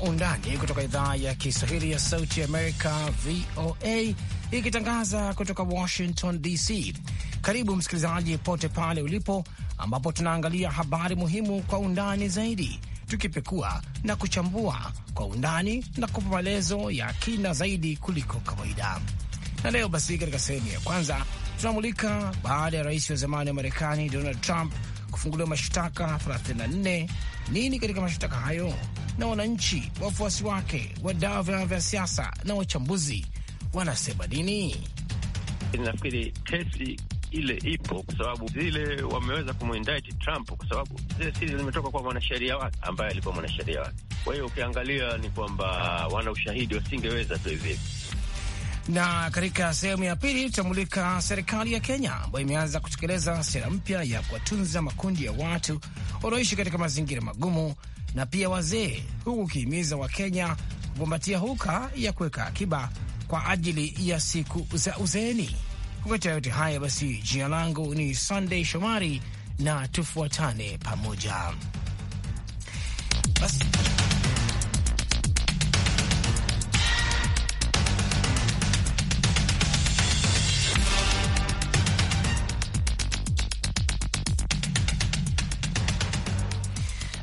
Undani kutoka idhaa ya Kiswahili ya Sauti Amerika, VOA, ikitangaza kutoka Washington DC. Karibu msikilizaji, pote pale ulipo, ambapo tunaangalia habari muhimu kwa undani zaidi, tukipekua na kuchambua kwa undani na kupa maelezo ya kina zaidi kuliko kawaida. Na leo basi, katika sehemu ya kwanza tunamulika baada ya rais wa zamani wa Marekani Donald Trump kufunguliwa mashtaka 34 nini katika mashtaka hayo na wananchi, wafuasi wake, wadau wa vyama vya siasa na wachambuzi wanasema nini? Nafikiri kesi ile ipo kwa sababu zile wameweza kumwindaiti Trump kwa sababu zile siri zimetoka kwa mwanasheria wake ambaye alikuwa mwanasheria wake. Kwa hiyo ukiangalia ni kwamba wana ushahidi, wasingeweza tu hivi. Na katika sehemu ya pili tutamulika serikali ya Kenya ambayo imeanza kutekeleza sera mpya ya kuwatunza makundi ya watu wanaoishi katika mazingira magumu na pia wazee, huku ukihimiza Wakenya kukumbatia huka ya kuweka akiba kwa ajili ya siku za uzeeni. Kukuletea yote haya basi, jina langu ni Sunday Shomari na tufuatane pamoja basi.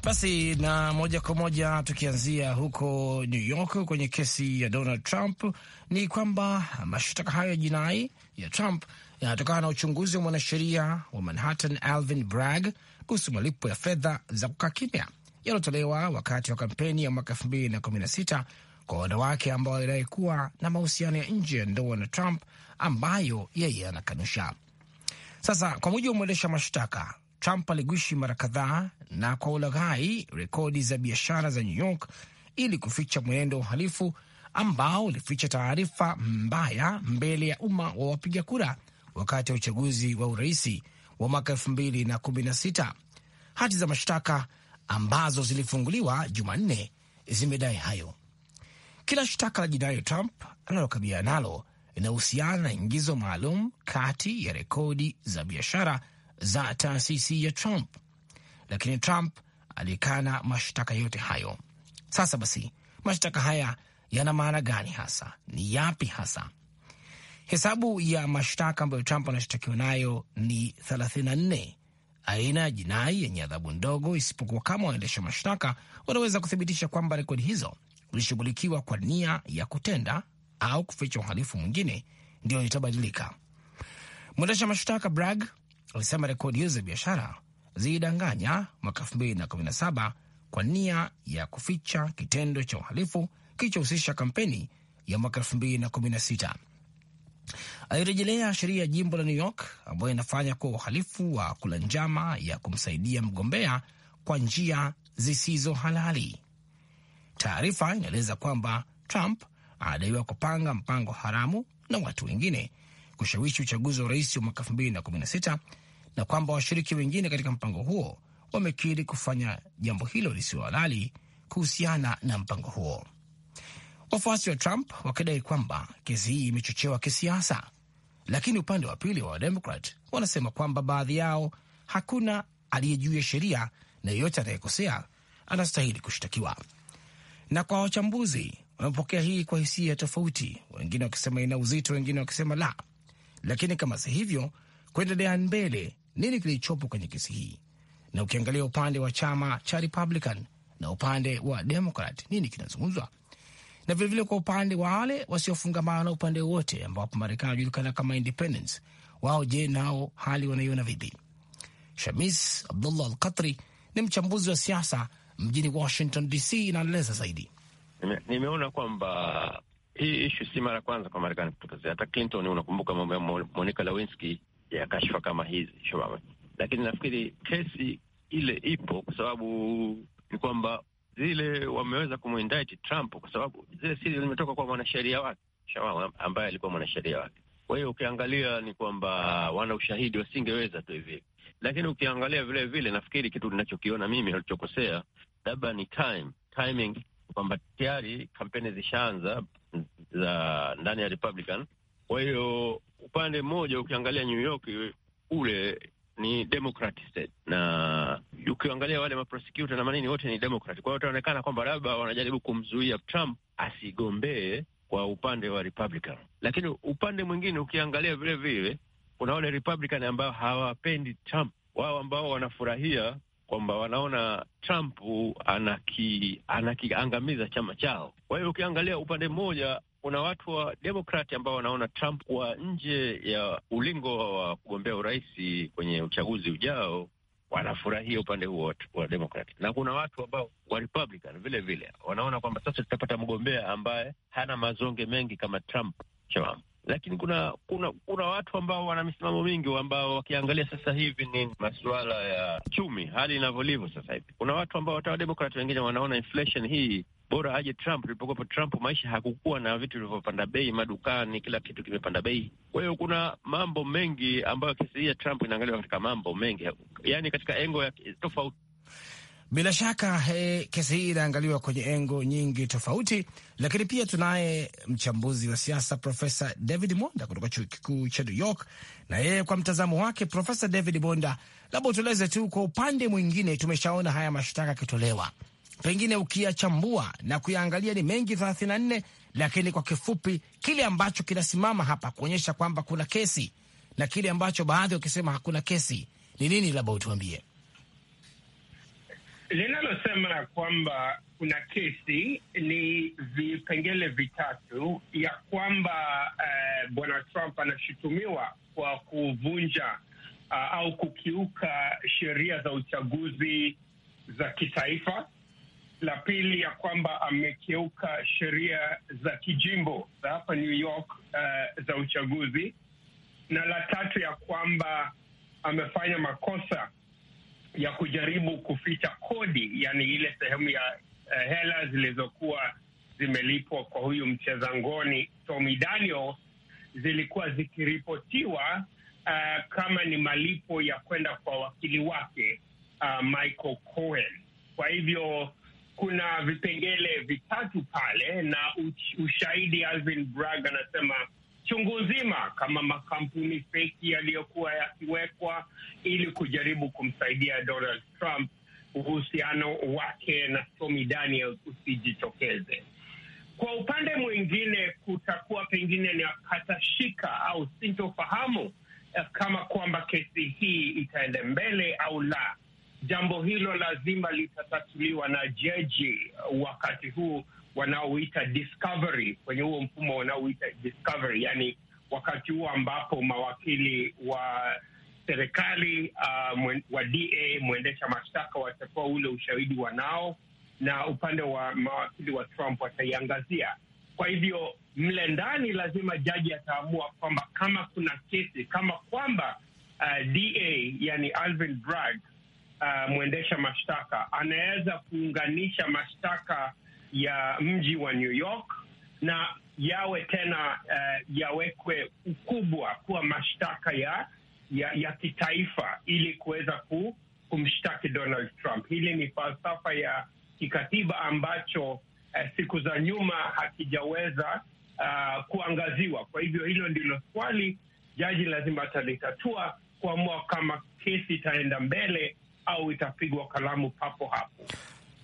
Basi na moja kwa moja tukianzia huko New York kwenye kesi ya Donald Trump, ni kwamba mashtaka hayo ya jinai ya Trump yanatokana na uchunguzi wa mwanasheria wa Manhattan Alvin Bragg kuhusu malipo ya fedha za kukaa kimya yaliotolewa wakati wa kampeni ya mwaka sita kwa wanawake ambao walidai kuwa na mahusiano ya nje ya ndoa na Trump ambayo yeye anakanusha. Sasa, kwa mujibu wa mwendesha mashtaka, Trump aligwishi mara kadhaa na kwa ulaghai rekodi za biashara za New York ili kuficha mwenendo wa uhalifu ambao ulificha taarifa mbaya mbele ya umma wa wapiga kura wakati wa uchaguzi wa uraisi wa mwaka 2016. Hati za mashtaka ambazo zilifunguliwa Jumanne zimedai hayo. Kila shtaka la jinai Trump analokabiliana nalo inahusiana na ingizo maalum kati ya rekodi za biashara za taasisi ya Trump, lakini Trump alikana mashtaka yote hayo. Sasa basi, mashtaka haya yana maana gani hasa? Ni yapi hasa? Hesabu ya mashtaka ambayo Trump anashtakiwa nayo ni 34 aina ya jinai yenye adhabu ndogo, isipokuwa kama waendesha mashtaka wanaweza kuthibitisha kwamba rekodi hizo ulishughulikiwa kwa nia ya kutenda au kuficha uhalifu mwingine, ndio itabadilika. Mwendesha mashtaka Bragg alisema rekodi hizo za biashara zilidanganya mwaka 2017 kwa nia ya kuficha kitendo cha uhalifu kilichohusisha kampeni ya mwaka 2016. Alirejelea sheria ya jimbo la New York ambayo inafanya kuwa uhalifu wa kula njama ya kumsaidia mgombea kwa njia zisizo halali. Taarifa inaeleza kwamba Trump anadaiwa kupanga mpango haramu na watu wengine kushawishi uchaguzi wa rais wa mwaka 2016 na kwamba washiriki wengine katika mpango huo wamekiri kufanya jambo hilo lisilo halali kuhusiana na mpango huo. Wafuasi wa Trump wakidai kwamba kesi hii imechochewa kisiasa, lakini upande wa pili wa Wademokrat wanasema kwamba baadhi yao hakuna aliye juu ya sheria na yeyote anayekosea anastahili kushtakiwa. Na kwa wachambuzi wamepokea hii kwa hisia tofauti, wengine wakisema ina uzito, wengine wakisema la. Lakini kama si hivyo, kuendelea mbele nini kilichopo kwenye kesi hii, na ukiangalia upande wa chama cha Republican na upande wa Democrat nini kinazungumzwa, na vilevile kwa upande wa wale wasiofungamana na upande wowote, ambapo Marekani wanajulikana kama independence, wao je, nao hali wanaiona vipi? Shamis Abdullah Al Katri ni mchambuzi wa siasa mjini Washington DC, inaeleza zaidi. Nime, nimeona kwamba hii ishu si mara kwanza kwa Marekani kutokezea. Hata Clinton, unakumbuka mambo ya Monica Lewinsky ya kashfa kama hizi Shobama. Lakini nafikiri kesi ile ipo kwa sababu ni kwamba zile wameweza kumwindaiti Trump kwa sababu zile siri zimetoka kwa mwanasheria wake Shobama, ambaye alikuwa mwanasheria wake. Kwa hiyo ukiangalia ni kwamba wana ushahidi, wasingeweza tu hivi. Lakini ukiangalia vile vile, nafikiri kitu ninachokiona mimi alichokosea labda ni time timing, kwamba tayari kampeni zishaanza za ndani ya Republican kwa hiyo upande mmoja ukiangalia New York ule ni Democrat state, na ukiangalia wale maprosecutor na manini wote ni Democrat. Kwa hiyo utaonekana kwamba labda wanajaribu kumzuia Trump asigombee kwa upande wa Republican, lakini upande mwingine ukiangalia vile vile kuna wale Republican ambao hawapendi Trump, wao ambao wanafurahia kwamba wanaona Trump anaki- anakiangamiza chama chao. Kwa hiyo ukiangalia upande mmoja kuna watu wa Demokrati ambao wanaona Trump wa nje ya ulingo wa kugombea urais kwenye uchaguzi ujao, wanafurahia upande huo wa Demokrat na kuna watu ambao wa Republican vile vile wanaona kwamba sasa tutapata mgombea ambaye hana mazonge mengi kama Trump Trump lakini kuna kuna kuna watu ambao wana misimamo mingi ambao wakiangalia sasa hivi ni masuala ya chumi hali inavyolivyo sasa hivi. Kuna watu ambao hata wademokrati wengine wanaona inflation hii bora aje Trump. Ilipokuwepo Trump, maisha hakukuwa na vitu vilivyopanda bei madukani, kila kitu kimepanda bei. Kwa hiyo kuna mambo mengi ambayo kesi hii ya Trump inaangaliwa katika mambo mengi, yaani katika engo ya tofauti. Bila shaka he, eh, kesi hii inaangaliwa kwenye engo nyingi tofauti, lakini pia tunaye mchambuzi wa siasa Profesa David Monda kutoka chuo kikuu cha New York, na yeye kwa mtazamo wake. Profesa David Monda, labda utueleze tu kwa upande mwingine, tumeshaona haya mashtaka yakitolewa, pengine ukiyachambua na kuyaangalia ni mengi na nne, lakini kwa kifupi kile ambacho kinasimama hapa kuonyesha kwamba kuna kesi na kile ambacho baadhi wakisema hakuna kesi ni nini, labda utuambie linalosema kwamba kuna kesi ni vipengele vitatu, ya kwamba eh, bwana Trump anashutumiwa kwa kuvunja uh, au kukiuka sheria za uchaguzi za kitaifa. La pili, ya kwamba amekiuka sheria za kijimbo za hapa New York uh, za uchaguzi, na la tatu, ya kwamba amefanya makosa ya kujaribu kuficha kodi, yani ile sehemu ya uh, hela zilizokuwa zimelipwa kwa huyu mcheza ngoni Tommy Daniel zilikuwa zikiripotiwa uh, kama ni malipo ya kwenda kwa wakili wake uh, Michael Cohen. Kwa hivyo kuna vipengele vitatu pale na ushahidi Alvin Bragg anasema chungu nzima, kama makampuni feki yaliyokuwa yakiwekwa ili kujaribu kumsaidia Donald Trump, uhusiano wake na Stormy Daniels usijitokeze. Kwa upande mwingine, kutakuwa pengine ni katashika au sintofahamu eh, kama kwamba kesi hii itaenda mbele au la. Jambo hilo lazima litatatuliwa na jaji wakati huu wanaoita discovery, kwenye huo mfumo wanaoita discovery, yani wakati huo ambapo mawakili wa serikali uh, mwen, wa DA mwendesha mashtaka watatoa ule ushahidi wanao, na upande wa mawakili wa Trump wataiangazia. Kwa hivyo mle ndani lazima jaji ataamua kwamba kama kuna kesi kama kwamba uh, DA yani Alvin Bragg uh, mwendesha mashtaka anaweza kuunganisha mashtaka ya mji wa New York na yawe tena uh, yawekwe ukubwa kuwa mashtaka ya, ya, ya kitaifa ili kuweza ku, kumshtaki Donald Trump. Hili ni falsafa ya kikatiba ambacho uh, siku za nyuma hakijaweza uh, kuangaziwa. Kwa hivyo hilo ndilo swali jaji lazima atalitatua kuamua kama kesi itaenda mbele au itapigwa kalamu papo hapo.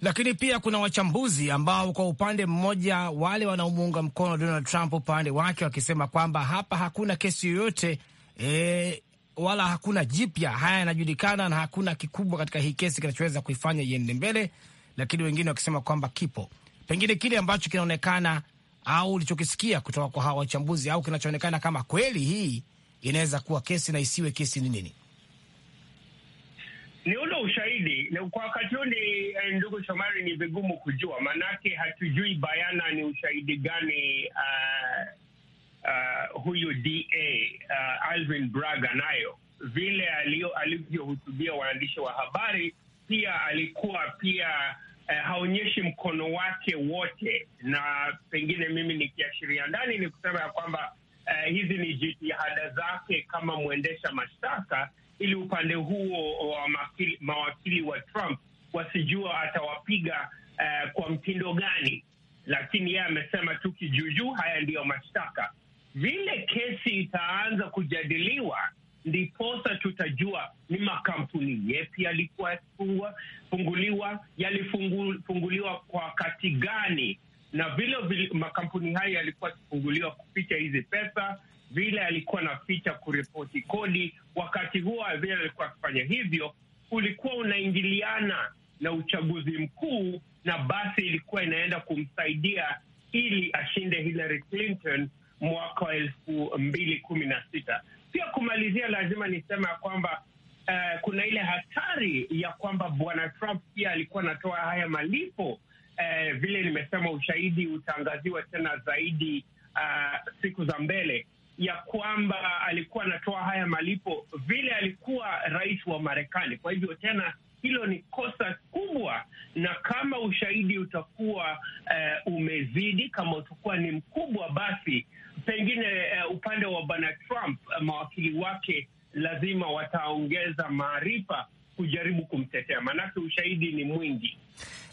Lakini pia kuna wachambuzi ambao kwa upande mmoja wale wanaomuunga mkono Donald Trump upande wake wakisema kwamba hapa hakuna kesi yoyote e, wala hakuna jipya, haya yanajulikana na hakuna kikubwa katika hii kesi kinachoweza kuifanya iende mbele, lakini wengine wakisema kwamba kipo pengine kile ambacho kinaonekana au ulichokisikia kutoka kwa hawa wachambuzi au kinachoonekana kama kweli hii inaweza kuwa kesi na isiwe kesi ni nini? Ni ule usha kwa wakati huu ni eh, ndugu Shomari, ni vigumu kujua, maanake hatujui bayana ni ushahidi gani uh, uh, huyu DA uh, ah, Alvin Braga nayo vile alivyohutubia waandishi wa habari, pia alikuwa pia eh, haonyeshi mkono wake wote, na pengine mimi nikiashiria ndani ni kusema ya kwamba uh, hizi ni jitihada zake kama mwendesha mashtaka ili upande huo uh, wa mawakili, mawakili wa Trump wasijua atawapiga uh, kwa mtindo gani, lakini yeye amesema tu kijuujuu, haya ndiyo mashtaka. Vile kesi itaanza kujadiliwa ndiposa tutajua ni makampuni yepi yalikuwa funguliwa, yalifunguliwa kwa wakati gani, na vile makampuni hayo yalikuwa yakifunguliwa kuficha hizi pesa vile alikuwa anaficha kuripoti kodi, wakati huo vile alikuwa akifanya hivyo, ulikuwa unaingiliana na uchaguzi mkuu, na basi ilikuwa inaenda kumsaidia ili ashinde Hillary Clinton mwaka wa elfu mbili kumi na sita. Pia kumalizia, lazima nisema ya kwamba uh, kuna ile hatari ya kwamba bwana Trump pia alikuwa anatoa haya malipo uh, vile nimesema, ushahidi utaangaziwa tena zaidi uh, siku za mbele, ya kwamba alikuwa anatoa haya malipo vile alikuwa rais wa Marekani. Kwa hivyo tena hilo ni kosa kubwa, na kama ushahidi utakuwa uh, umezidi, kama utakuwa ni mkubwa, basi pengine uh, upande wa bwana Trump uh, mawakili wake lazima wataongeza maarifa kujaribu kumtetea, maanake ushahidi ni mwingi.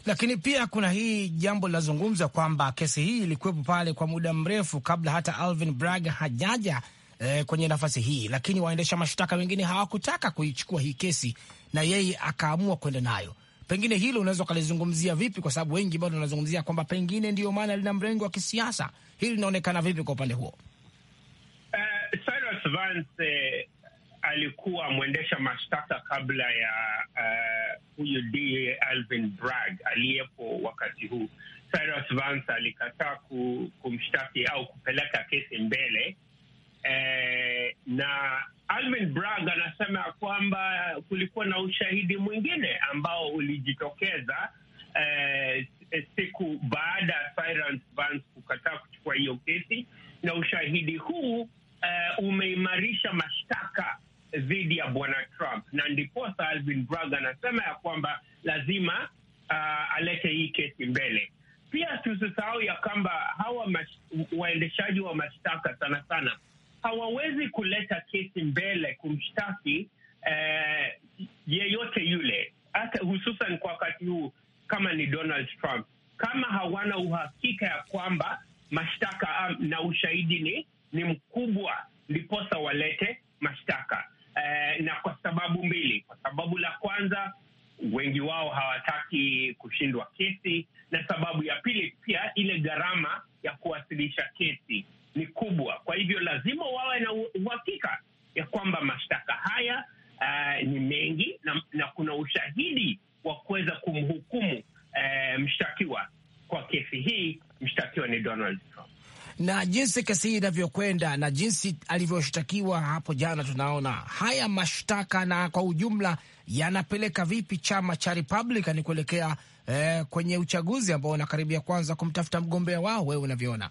Lakini pia kuna hii jambo linazungumza kwamba kesi hii ilikuwepo pale kwa muda mrefu kabla hata Alvin Bragg hajaja e, kwenye nafasi hii, lakini waendesha mashtaka wengine hawakutaka kuichukua hii kesi na yeye akaamua kwenda nayo. Pengine hilo unaweza ukalizungumzia vipi? Kwa sababu wengi bado wanazungumzia kwamba pengine ndiyo maana lina mrengo wa kisiasa. Hili linaonekana vipi kwa upande huo? Uh, Cyrus Vance eh, alikuwa mwendesha mashtaka kabla ya uh, huyu d Alvin Bragg aliyepo wakati huu. Cyrus Vance alikataa kumshtaki au kupeleka kesi mbele eh, na Alvin Bragg anasema kwamba kulikuwa na ushahidi mwingine ambao ulijitokeza eh, siku baada ya Cyrus Vance kukataa kuchukua hiyo kesi, na ushahidi huu eh, umeimarisha mashtaka dhidi ya bwana Trump, na ndiposa Alvin Bragg anasema ya kwamba lazima uh, alete hii kesi mbele. Pia tusisahau ya kwamba hawa waendeshaji wa mashtaka sana sana hawawezi kuleta kesi mbele kumshtaki eh, yeyote yule, hata hususan kwa wakati huu kama ni Donald Trump, kama hawana uhakika ya kwamba mashtaka um, na ushahidi ni ni mkubwa, ndiposa walete mashtaka eh, na kwa sababu mbili. Kwa sababu la kwanza, wengi wao hawataki kushindwa kesi, na sababu ya pili pia, ile gharama ya kuwasilisha kesi ni kubwa. Kwa hivyo lazima wawe na uhakika ya kwamba mashtaka haya uh, ni mengi na, na kuna ushahidi wa kuweza kumhukumu uh, mshtakiwa. Kwa kesi hii mshtakiwa ni Donald na jinsi kesi inavyokwenda na jinsi alivyoshtakiwa hapo jana, tunaona haya mashtaka na kwa ujumla yanapeleka vipi chama cha Republican kuelekea eh, kwenye uchaguzi ambao unakaribia kwanza kumtafuta mgombea wao, wewe unavyoona?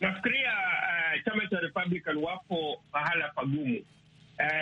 Nafikiria uh, chama cha Republican wapo mahala pagumu.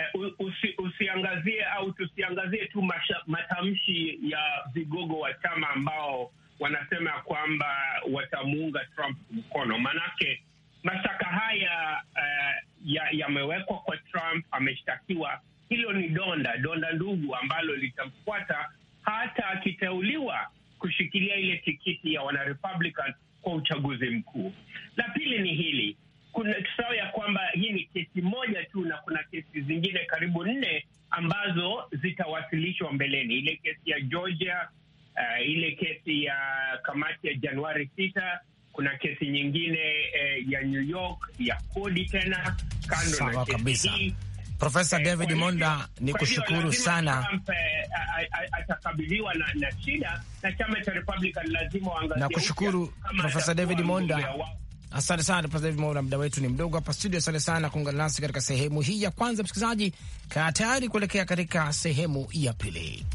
Uh, usi, usiangazie au tusiangazie tu matamshi ya vigogo wa chama ambao wanasema ya kwamba watamuunga Trump mkono, maanake mashtaka haya uh, yamewekwa ya kwa Trump, ameshtakiwa. Hilo ni donda donda ndugu ambalo litamfuata hata akiteuliwa kushikilia ile tikiti ya wanarepublican kwa uchaguzi mkuu. La pili ni hili, kuna ya kwamba hii ni kesi moja tu, na kuna kesi zingine karibu nne ambazo zitawasilishwa mbeleni, ile kesi ya Georgia uh, ile kesi ya kamati ya Januari sita kuna kesi nyingine eh, ya New York ya kodi tena kando Sawa na kabisa. Profesa eh, David Monda ni kushukuru sana. Trump, eh, atakabiliwa na, na shida na chama cha Republican lazima waangalie. Na kushukuru Profesa David Monda. Asante sana Profesa David Monda, muda wetu ni mdogo hapa studio. Asante sana kuungana nasi katika sehemu hii ya kwanza. Msikilizaji, kaa tayari kuelekea katika sehemu ya pili.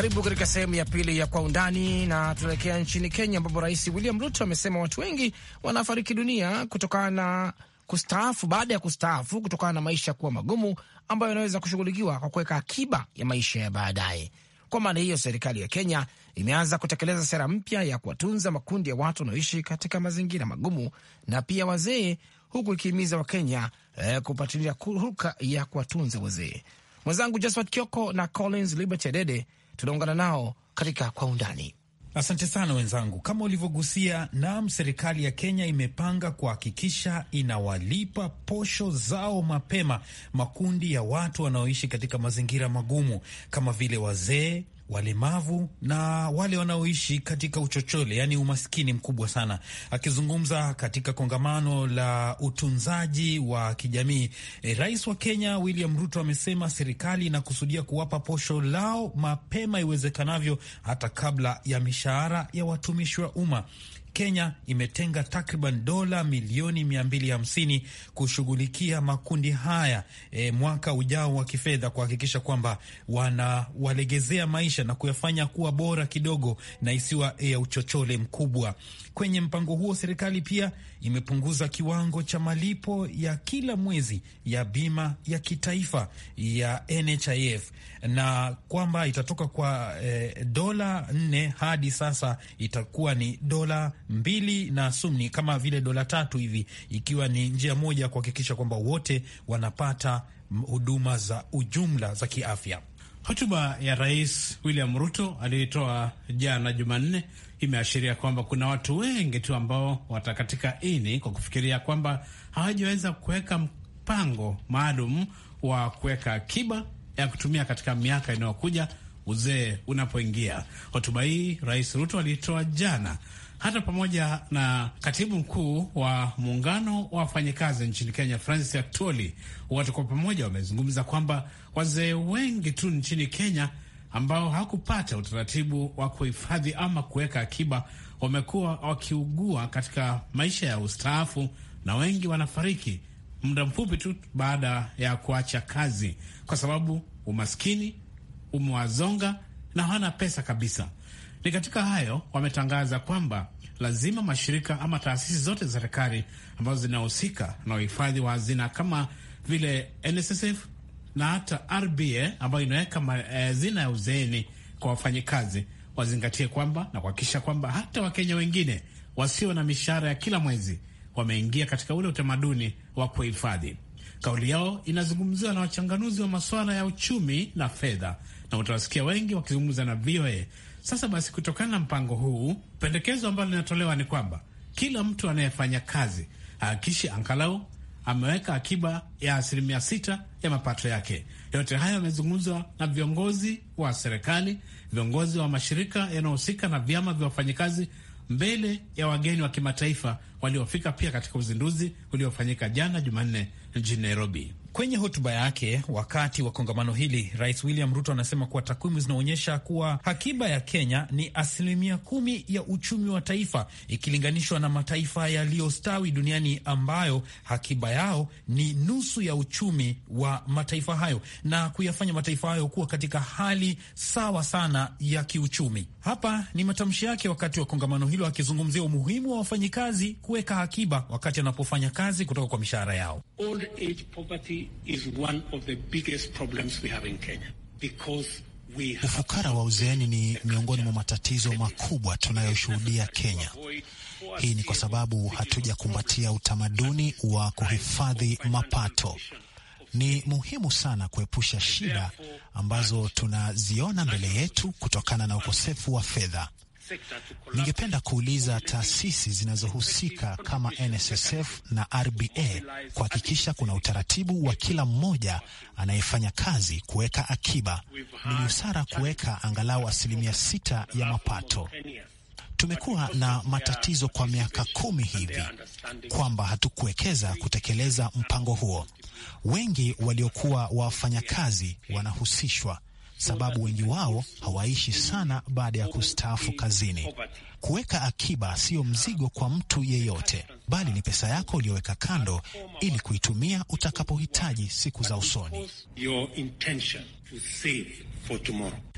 Karibu katika sehemu ya pili ya kwa undani, na tunaelekea nchini Kenya ambapo Rais William Ruto amesema watu wengi wanafariki dunia kutokana na kustaafu baada ya kustaafu kutokana na maisha kuwa magumu ambayo yanaweza kushughulikiwa kwa kuweka akiba ya maisha ya baadaye. Kwa maana hiyo, serikali ya Kenya imeanza kutekeleza sera mpya ya kuwatunza makundi ya watu wanaoishi katika mazingira magumu na pia wazee, huku ikihimiza Wakenya eh, kupatilia huruka ya kuwatunza wazee. Mwenzangu Josphat Kioko na Collins Liberty adede Tunaungana nao katika kwa undani. Asante sana wenzangu, kama ulivyogusia nam, serikali ya Kenya imepanga kuhakikisha inawalipa posho zao mapema makundi ya watu wanaoishi katika mazingira magumu kama vile wazee walemavu na wale wanaoishi katika uchochole, yaani umaskini mkubwa sana. Akizungumza katika kongamano la utunzaji wa kijamii, e, rais wa Kenya William Ruto amesema serikali inakusudia kuwapa posho lao mapema iwezekanavyo, hata kabla ya mishahara ya watumishi wa umma. Kenya imetenga takriban dola milioni 250 kushughulikia makundi haya e, mwaka ujao wa kifedha kuhakikisha kwamba wanawalegezea maisha na kuyafanya kuwa bora kidogo na isiwa ya uchochole mkubwa. Kwenye mpango huo, serikali pia imepunguza kiwango cha malipo ya kila mwezi ya bima ya kitaifa ya NHIF na kwamba itatoka kwa eh, dola nne hadi sasa itakuwa ni dola mbili na sumni kama vile dola tatu hivi, ikiwa ni njia moja ya kuhakikisha kwamba wote wanapata huduma za ujumla za kiafya. Hotuba ya Rais William Ruto aliyoitoa jana Jumanne imeashiria kwamba kuna watu wengi tu ambao watakatika ini kwa kufikiria kwamba hawajaweza kuweka mpango maalum wa kuweka akiba ya kutumia katika miaka inayokuja uzee unapoingia. Hotuba hii Rais Ruto aliitoa jana hata pamoja na katibu mkuu wa muungano wa wafanyikazi nchini Kenya, Francis Atoli, watu kwa pamoja wamezungumza kwamba wazee wengi tu nchini Kenya ambao hawakupata utaratibu wa kuhifadhi ama kuweka akiba wamekuwa wakiugua katika maisha ya ustaafu, na wengi wanafariki muda mfupi tu baada ya kuacha kazi, kwa sababu umaskini umewazonga na hawana pesa kabisa. Ni katika hayo wametangaza kwamba lazima mashirika ama taasisi zote za serikali ambazo zinahusika na uhifadhi wa hazina kama vile NSSF na hata RBA ambayo inaweka eh, hazina ya uzeeni kwa wafanyikazi wazingatie kwamba na kuhakikisha kwamba hata Wakenya wengine wasio na mishahara ya kila mwezi wameingia katika ule utamaduni wa kuhifadhi. Kauli yao inazungumziwa na wachanganuzi wa masuala ya uchumi na fedha, na utawasikia wengi wakizungumza na VOA sasa basi, kutokana na mpango huu, pendekezo ambalo linatolewa ni kwamba kila mtu anayefanya kazi hakishi angalau ameweka akiba ya asilimia sita ya mapato yake. Yote hayo yamezungumzwa na viongozi wa serikali, viongozi wa mashirika yanayohusika na vyama vya wafanyikazi mbele ya wageni wa kimataifa waliofika pia katika uzinduzi uliofanyika jana Jumanne mjini Nairobi. Kwenye hotuba yake wakati wa kongamano hili, Rais William Ruto anasema kuwa takwimu zinaonyesha kuwa akiba ya Kenya ni asilimia kumi ya uchumi wa taifa ikilinganishwa na mataifa yaliyostawi duniani ambayo akiba yao ni nusu ya uchumi wa mataifa hayo na kuyafanya mataifa hayo kuwa katika hali sawa sana ya kiuchumi. Hapa ni matamshi yake wakati wa kongamano hilo, akizungumzia umuhimu wa wafanyikazi kuweka akiba wakati anapofanya kazi kutoka kwa mishahara yao. Old age poverty Ufukara wa uzeeni ni miongoni mwa matatizo makubwa tunayoshuhudia Kenya. Hii ni kwa sababu hatujakumbatia utamaduni wa kuhifadhi mapato. Ni muhimu sana kuepusha shida ambazo tunaziona mbele yetu kutokana na ukosefu wa fedha. Ningependa kuuliza taasisi zinazohusika kama NSSF na RBA kuhakikisha kuna utaratibu wa kila mmoja anayefanya kazi kuweka akiba. Ni busara kuweka angalau asilimia sita ya mapato. Tumekuwa na matatizo kwa miaka kumi hivi kwamba hatukuwekeza kutekeleza mpango huo. Wengi waliokuwa wafanyakazi wanahusishwa sababu wengi wao hawaishi sana baada ya kustaafu kazini. Kuweka akiba siyo mzigo kwa mtu yeyote, bali ni pesa yako uliyoweka kando ili kuitumia utakapohitaji siku za usoni.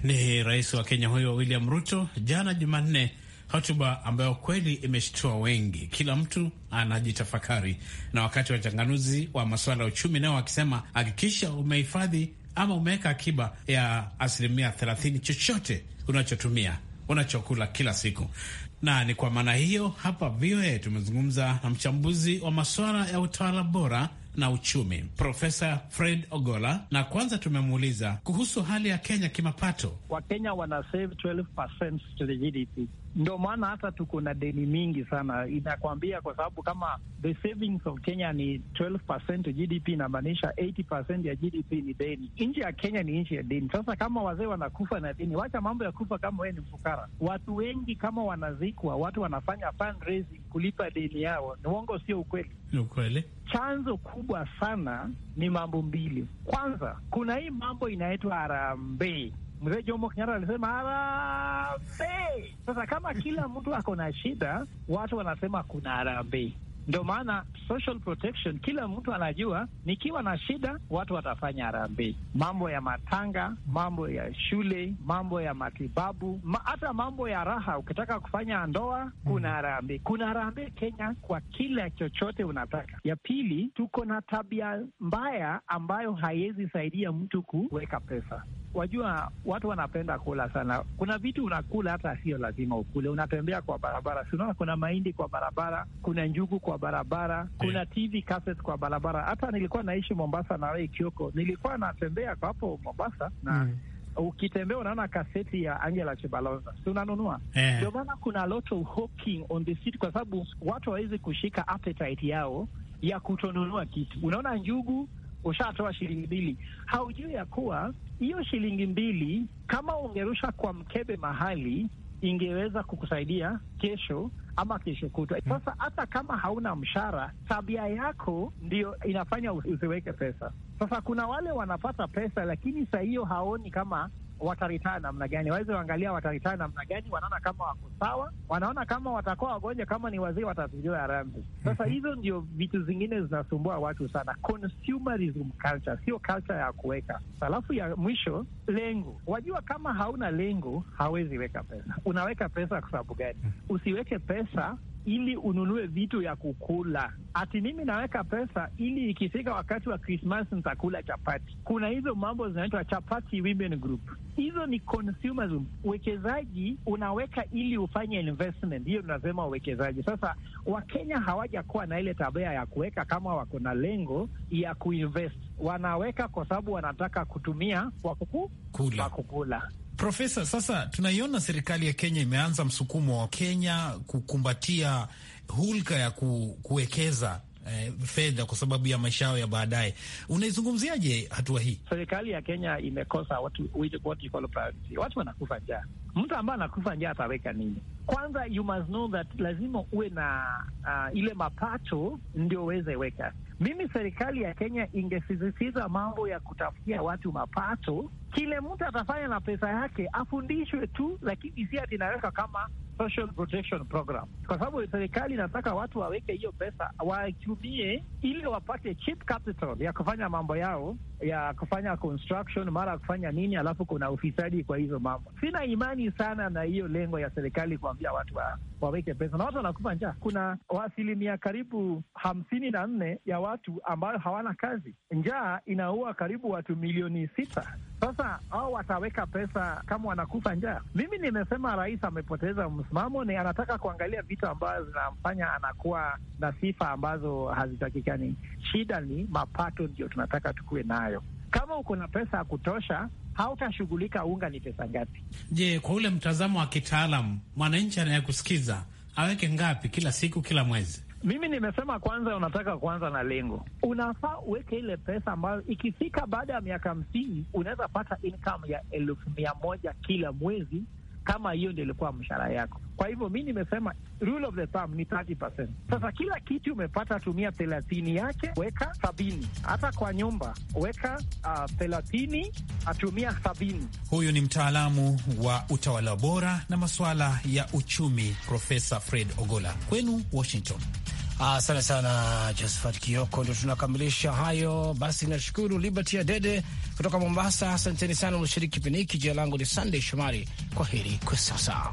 Ni rais wa Kenya huyo William Ruto, jana Jumanne, hotuba ambayo kweli imeshtua wengi. Kila mtu anajitafakari, na wakati wa changanuzi wa masuala ya uchumi nao wakisema, hakikisha umehifadhi ama umeweka akiba ya asilimia thelathini, chochote unachotumia unachokula kila siku. Na ni kwa maana hiyo hapa VOA tumezungumza na mchambuzi wa masuala ya utawala bora na uchumi Profesa Fred Ogola, na kwanza tumemuuliza kuhusu hali ya Kenya kimapato. Wakenya wana save 12% to the GDP ndio maana hata tuko na deni mingi sana, inakwambia kwa sababu kama the savings of Kenya ni 12% GDP, inamaanisha 80% ya GDP ni deni. Nchi ya Kenya ni nchi ya deni. Sasa kama wazee wanakufa na deni, wacha mambo ya kufa kama wewe ni mfukara. Watu wengi kama wanazikwa, watu wanafanya fundraising kulipa deni yao. Ni uongo, sio ukweli? Ni ukweli. Chanzo kubwa sana ni mambo mbili. Kwanza, kuna hii mambo inaitwa harambee mzee Jomo Kenyatta alisema harambee. Sasa kama kila mtu ako na shida, watu wanasema kuna harambee. Ndio maana social protection, kila mtu anajua nikiwa na shida watu watafanya harambee. Mambo ya matanga, mambo ya shule, mambo ya matibabu, hata ma mambo ya raha. Ukitaka kufanya ndoa, kuna mm. harambee. Kuna harambee Kenya kwa kila chochote unataka. Ya pili, tuko na tabia mbaya ambayo haiwezi saidia mtu kuweka pesa wajua, watu wanapenda kula sana. Kuna vitu unakula hata sio lazima ukule, unatembea kwa barabara, si unaona kuna mahindi kwa barabara, kuna njugu kwa barabara, eh. kuna TV kwa barabara. Hata nilikuwa naishi Mombasa na wewe Kioko, nilikuwa natembea hapo Mombasa na mm. Ukitembea unaona kaseti ya Angela Chibalonza, si unanunua? Eh. Ndio yeah. Maana kuna lot of hawking on the street, kwa sababu watu wawezi kushika appetite yao ya kutonunua kitu. Unaona njugu ushatoa shilingi mbili, haujui ya kuwa hiyo shilingi mbili kama ungerusha kwa mkebe mahali ingeweza kukusaidia kesho ama kesho kutwa. Hmm. Sasa hata kama hauna mshahara, tabia yako ndio inafanya usiweke pesa. Sasa kuna wale wanapata pesa, lakini saa hiyo haoni kama wataritaa namna gani, waweze waangalia wataritaa namna gani, wanaona kama wako sawa, wanaona kama watakuwa wagonjwa, kama ni wazee watatibiwa harambee. Mhm. Sasa hizo ndio vitu zingine zinasumbua watu sana, consumerism culture, sio culture ya kuweka. Alafu ya mwisho lengo, wajua kama hauna lengo hawezi weka pesa. Unaweka pesa kwa sababu gani? Mhm. Usiweke pesa ili ununue vitu ya kukula. Ati mimi naweka pesa ili ikifika wakati wa krismas nitakula chapati. Kuna hizo mambo zinaitwa chapati women group, hizo ni consumerism. Uwekezaji unaweka ili ufanye investment, hiyo tunasema uwekezaji. Sasa Wakenya hawajakuwa na ile tabia ya kuweka kama wako na lengo ya kuinvest, wanaweka kwa sababu wanataka kutumia kwa kukula. Profesa, sasa tunaiona serikali ya Kenya imeanza msukumo wa Kenya kukumbatia hulka ya ku, kuwekeza eh, fedha kwa sababu ya maisha yao ya baadaye. Unaizungumziaje hatua hii? Serikali ya Kenya imekosa watu, watu wanakufa njaa. Mtu ambaye anakufa njaa ataweka nini? Kwanza you must know that lazima uwe na uh, ile mapato ndio uweze weka. Mimi serikali ya Kenya ingesisitiza mambo ya kutafutia watu mapato, kile mtu atafanya na pesa yake afundishwe tu, lakini si atinaweka kama Social Protection Program, kwa sababu serikali inataka watu waweke hiyo pesa watumie ili wapate cheap capital ya kufanya mambo yao ya kufanya construction mara ya kufanya nini, alafu kuna ufisadi kwa hizo mambo. Sina imani sana na hiyo lengo ya serikali kuambia watu wa waweke pesa na watu wanakufa njaa. Kuna asilimia karibu hamsini na nne ya watu ambayo hawana kazi. Njaa inaua karibu watu milioni sita. Sasa hao wataweka pesa kama wanakufa njaa? Mimi nimesema rais amepoteza msimamo, ni anataka kuangalia vitu ambazo zinamfanya anakuwa na sifa ambazo hazitakikani. Shida ni mapato, ndio tunataka tukuwe nayo. Kama uko na pesa ya kutosha hautashughulika unga ni pesa ngapi? Je, kwa ule mtazamo wa kitaalam, mwananchi anayekusikiza aweke ngapi kila siku, kila mwezi? Mimi nimesema kwanza, unataka kuanza na lengo, unafaa uweke ile pesa ambayo ikifika baada ya miaka hamsini unaweza pata income ya elfu mia moja kila mwezi kama hiyo ndio ilikuwa mshahara yako. Kwa hivyo mi nimesema rule of the thumb ni 30%. Sasa kila kitu umepata, tumia thelathini yake, weka sabini. Hata kwa nyumba weka uh, thelathini, uh, atumia sabini. Huyu ni mtaalamu wa utawala bora na masuala ya uchumi, Profesa Fred Ogola kwenu Washington. Asante sana Josephat Kioko. Ndio tunakamilisha hayo basi. Nashukuru Liberty Adede kutoka Mombasa. Asanteni sana mlishiriki kipindi hiki. Jina langu ni Sandey Shomari. Kwa heri kwa sasa.